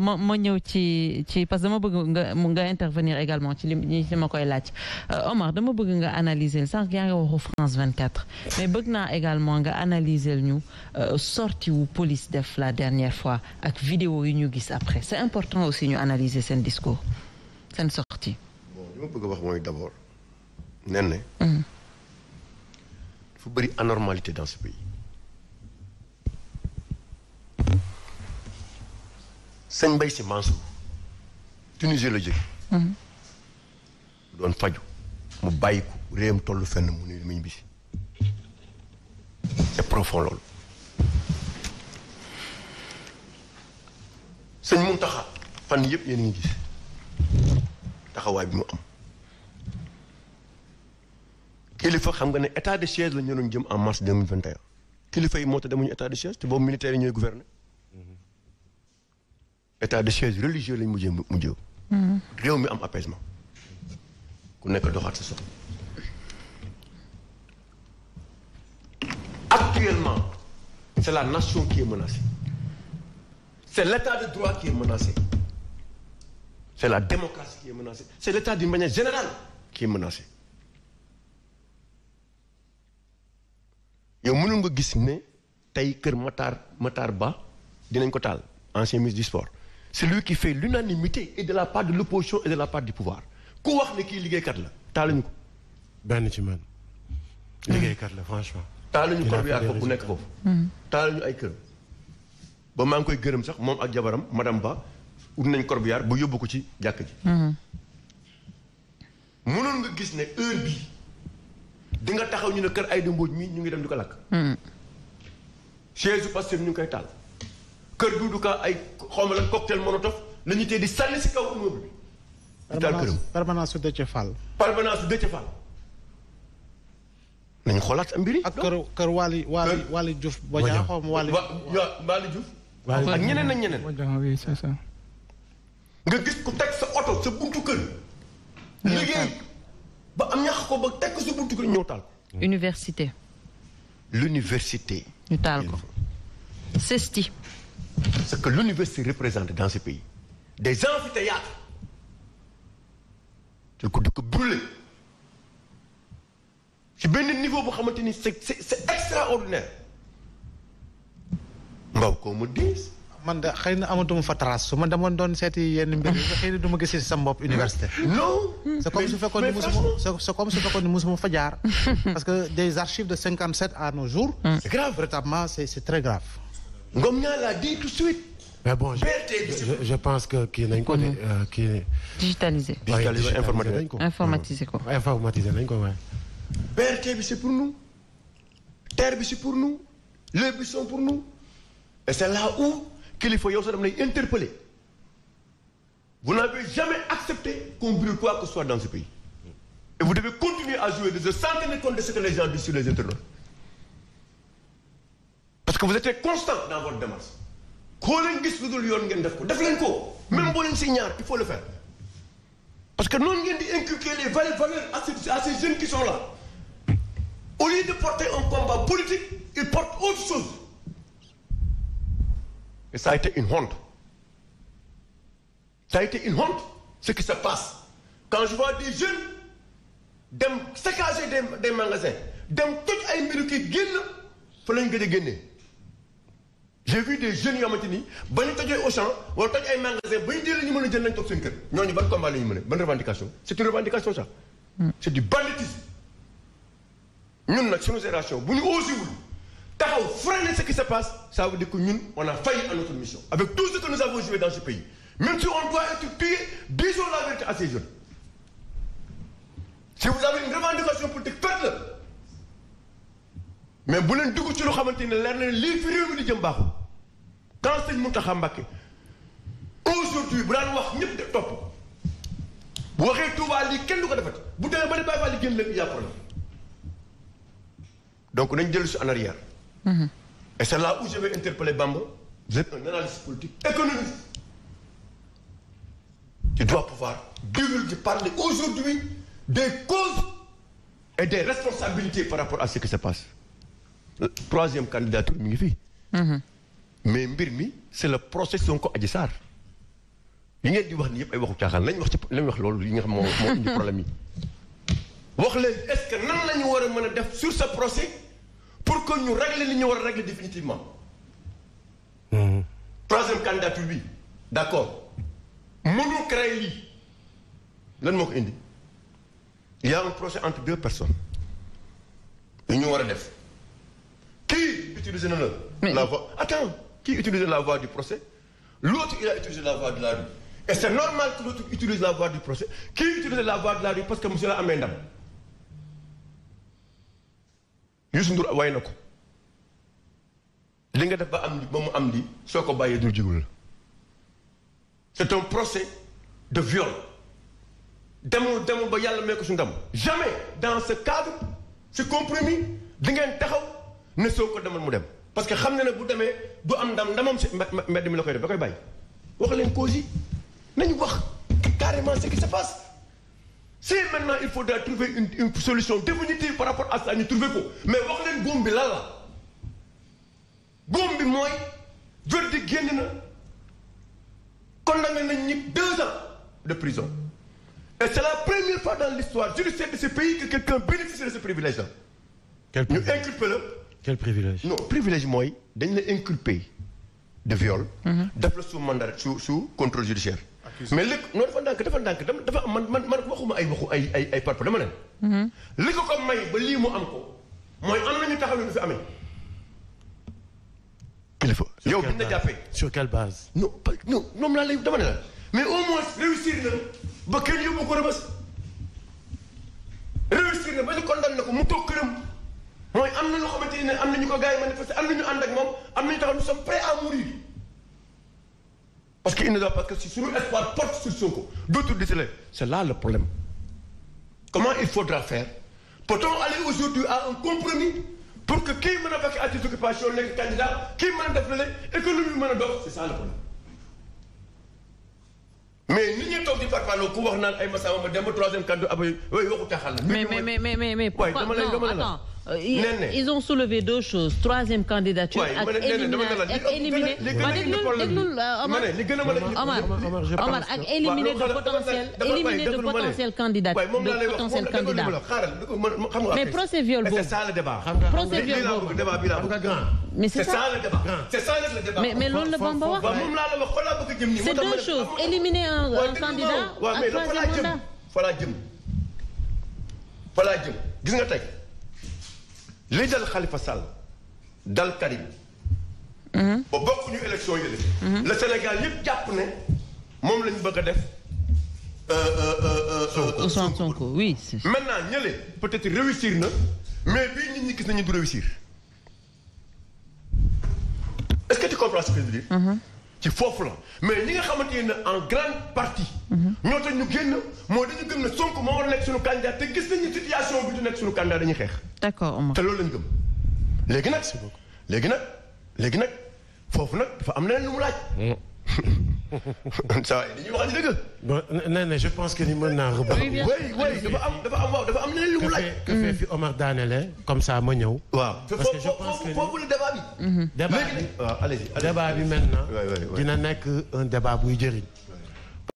ma ma ñëw ci ci parce que dama bëgg nga nga intervenir également ci li ci ma koy laaj euh, Omar dama bëgg nga analyser sànq yaa ngi waxu France 24 mais bëgg naa également nga analyser ñu euh, sorti wu police def la dernière fois ak vidéo yi ñu gis après c'est important aussi ñu analyser seen discours seen sortie bon wax mooy d'abord nen mm-hmm. bëri anormalité dans ce sëñ Mbaye Sy Mansour Tunisie la jóge mhm. doon faju mu bàyyi réewam tollu fenn mu ne mañ bisi c'est profond loolu sëñ Mountakha fan yëpp yéen ngi gis taxawaay bi mu am kilifa xam nga ne état de siège la ñu doon jëm en mars 2021 kilifa yi moo tax demuñu état de siège te boobu militaire yi ñooy gouverner état de siège religieux lañ mujjee mujjee. Mm-hmm. réew mi am apaisement. ku nekk doxaat sa soxla. actuellement c'est la nation qui est menacée. c'est l'état de droit qui est menacé. c'est la démocratie qui est menacée. c'est l'état d'une manière générale qui yow mënul nga gis ne tey kër Matar Matar Ba dinañ ko taal ancien ministre du sport. c'est lu qui fait l'unanimité et de la part de l'opposition et de la part du pouvoir ku wax ne kii liggéeykat la taaluñu ko. benn ci man liggéeykat la franchement. taaluñu ko ku nekk foofu. Mm. Mm. taaluñu ay këram. ba maa ngi koy gërëm sax moom ak jabaram madame Ba ut nañ corbillard ba yóbbu ko ci jàkk ji. Mm-hmm. mënoon nga gis ne heure bii di taxaw ñu ne kër Aïda Mbodj mii ñu ngi dem di ko lakk. Mm. chaise Pastef ñu ngi koy taal. kër du Ka ay xaw ma lan cocktail molotov la ñu tee di sànni si kaw immeuble bi. di taal këram permanence su Déthié Fall. permanence su Déthié mbir ak kër kër Waly Waly Waly Diouf. xaw ma Waly Waly Diouf. ak ñeneen ak ñeneen. oui c'est ça. nga gis ku teg sa oto sa buntu kër. liggéey ba ko ba teg sa buntu kër ñëw taal. ñu taal ko. Sesti. ce que l'université représente dans ce pays des amphithéâtres te ko ci benn niveau boo xamante ni c'est c'est extraordinaire mbaw koo ma diis man de xëy na amatuma fa doon seeti yenn mbir yi xëy ma gis si bopp université. non c'est comme su fekkoon ni musuma fa jaar. parce que des archives de 57 à nos jours. Mm. c'est grave véritablement c'est c'est très grave. Ngom ñaa l'a dit tout suite. mais bon je, je, je pense que kii nañ ko de mhm. euh, kii. digitalisé digitalisé informatisé ko informatisé ko. informatisé nañ ko waaye. BRT bi c'est pour nous terre bi c'est pour nous les bus sont pour nous et c'est là où kilifa yow sax dama lay interpeller vous n'avez jamais accepté soit dans ce pays et vous devez continuer à jouer de ce centenaire contre ce que les gens disent sur les internautes. que vous êtes constant dans votre koo leen gis lu yoon ngeen def ko def leen ko même boo leen si ñaar parce que noonu ngeen di inculquer les valeurs valeurs à ces à ces jeunes qui sont là au lieu de porter un combat politique ils portent autre chose et ça une honte ça a été une honte ce qui se passe quand je vois des jeunes dem saccager des des magasins dem toj ay mbiru kii génn fa lañ gëj a génnee j'ai vu des jeunes xamante ni ba ñu tojee Auchan wala toj ay magasin ba ñu jëlee ñu mën a jël nañ toog seen kër ñooñu ban combat la ñu mën a ban revendication c' est une revendication ça. Hmm. c' est du banditisme. ñun nag suñu génération bu ñu osé wul taxaw freiner ce qui se passe ça veut dire que ñun on a failli à notre mission. avec tout ce que nous avons joué dans ce pays même si on doit être payé disons la vérité à ces jeunes. si vous avez une revendication mais bu leen dugg ci loo xamante ne leer na lii fi réew jëm baaxul. quand sëñ Mountakha Mbacké aujourd'hui bu daan wax ñëpp de topp bu waxee Touba lii kenn du ko defati bu demee ba ne Baye Fall génn leen yàpp la donc nañ dellu si en arrière. Mhm. et c'est là ou je vais interpeller Bamba. vous êtes un analyste politique économique. tu dois pouvoir divulguer parler aujourd'hui des causes et des responsabilités par rapport à ce qui se passe. troisième candidature mi ngi fii. Mhm. mais mbir mi c' est le procès Sonko Adji Sarr yi ngeen di wax ni yëpp ay waxu caaxaan lañ wax ci lañ wax loolu yi nga xam moo moo indi problème yi. wax leen est ce que nan la ñu war a mën a def sur sa procès pour que ñu régler li ñu war a régler définitivement. Hmm. troisième candidature bi d' accord mënul créer lii lan moo ko indi y' a un procès entre deux personnes yu ñu war a def kii utiliser na la. mais la voix kii utilisait la voie du procès l'autre il a utilisé la voie de la rue et c'est normal que l'autre utilise la voie du procès qui utilise la voie de la rue parce que monsieur la amee ndam Youssou Ndour way na ko li nga def ba am li ba mu am li soo ko bàyyee du jigul la c'est un procès de viol demul demul ba yàlla may ko su ndam jamais dans ce cadre c'est compromis di ngeen taxaw ne soo ko demal mu dem parce que xam na ne bu demee du am ndam ndamam si mbedd mi la koy def da koy bàyyi wax leen cause yi nañu wax carrément ce qui se passe c'est maintenant il faudra trouver une solution définitive par rapport à ça ñu trouver ko mais wax leen góom bi lan la góom bi mooy verdict génn na condamné nañ ñi deux ans de prison et c'est la première fois dans l'histoire judiciaire de ce pays que quelqu'un bénéficie de ce privilège là ñu inculpé la quel privilège non privilège mooy dañ la inculpé de viol. Mhm. def la sous mandat sous sous contrôle judiciaire. mais léegi non dafa ndànk dafa ndànk dafa am li ko ko may ba lii mu am ko mooy am nañu taxaw lu fi amee. kilifa yow bi ñu la jàppee. sur quelle base. non pas non ñoom laa lay dama ne la mais au moins réussir na ba kenn yóbbu ko rëbës réussir na ba ñu condamné ko mu toog mooy am na ñoo xamante ne am na ñu ko gars yi manifester am na ñu ànd ak moom am na ñu taxaw nous sommes prêts parce que il nous a parce que si suñu espoir porte sur Sonko d'autres disent c'est là le problème comment il faudra faire peut-on aller aujourd'hui à un compromis pour que kii mën a fekk à des occupations nekk candidat kii mën a def lale économie mën a dox c'est ça le problème mais nit ñi toog di farfaloo ku wax naan ay la mais mais mais mais mais Euh, Néné ils ont soulevé deux choses troisième candidature. ak éliminer ma déglu déglu euh, Omar Omar ak éliminer de potentiel éliminer de potentiel candidat de potentiel candidat mais procès viol boobu procès viol boobu mais c'est ça mais mais loolu la Bamba wax c'est deux choses éliminer un un candidat ak troisième mandat. fa laa jëm fa laa jëm gis nga tey. li dal Khalifa Sall dal Karim. Mm-hmm. ba bokkuñu élection yi mm-hmm. la. Sénégal yëpp jàpp ne moom lañ bëgg a def. Euh, euh, euh, Ousmane Sonko oui. maintenant ñële peut-être réussir na mais bii nit ñi gis nañu du réussir est-ce que tu comprends ci foofu la mais ñi nga xamante ne en grande partie. ñoo tax ñu génn mooy dañu gëm ne Sonko moo war a nekk suñu candidat te gis nañu situation bi du nekk suñu candidat dañuy xeex. d'accord Omar te lool lañu gëm. léegi nag léegi nag léegi nag foofu nag dafa am leneen lu mu laaj. Mm. saa yi je pense que ni mën naa rëbb. oui oui dafa am dafa lu mu laaj. Mm. fi Omar daanele comme ça ma ñëw. parce que je pense que foofu la débat bi. Mm-hmm. débat bi waaw allez dina nekk un débat buy jëriñ.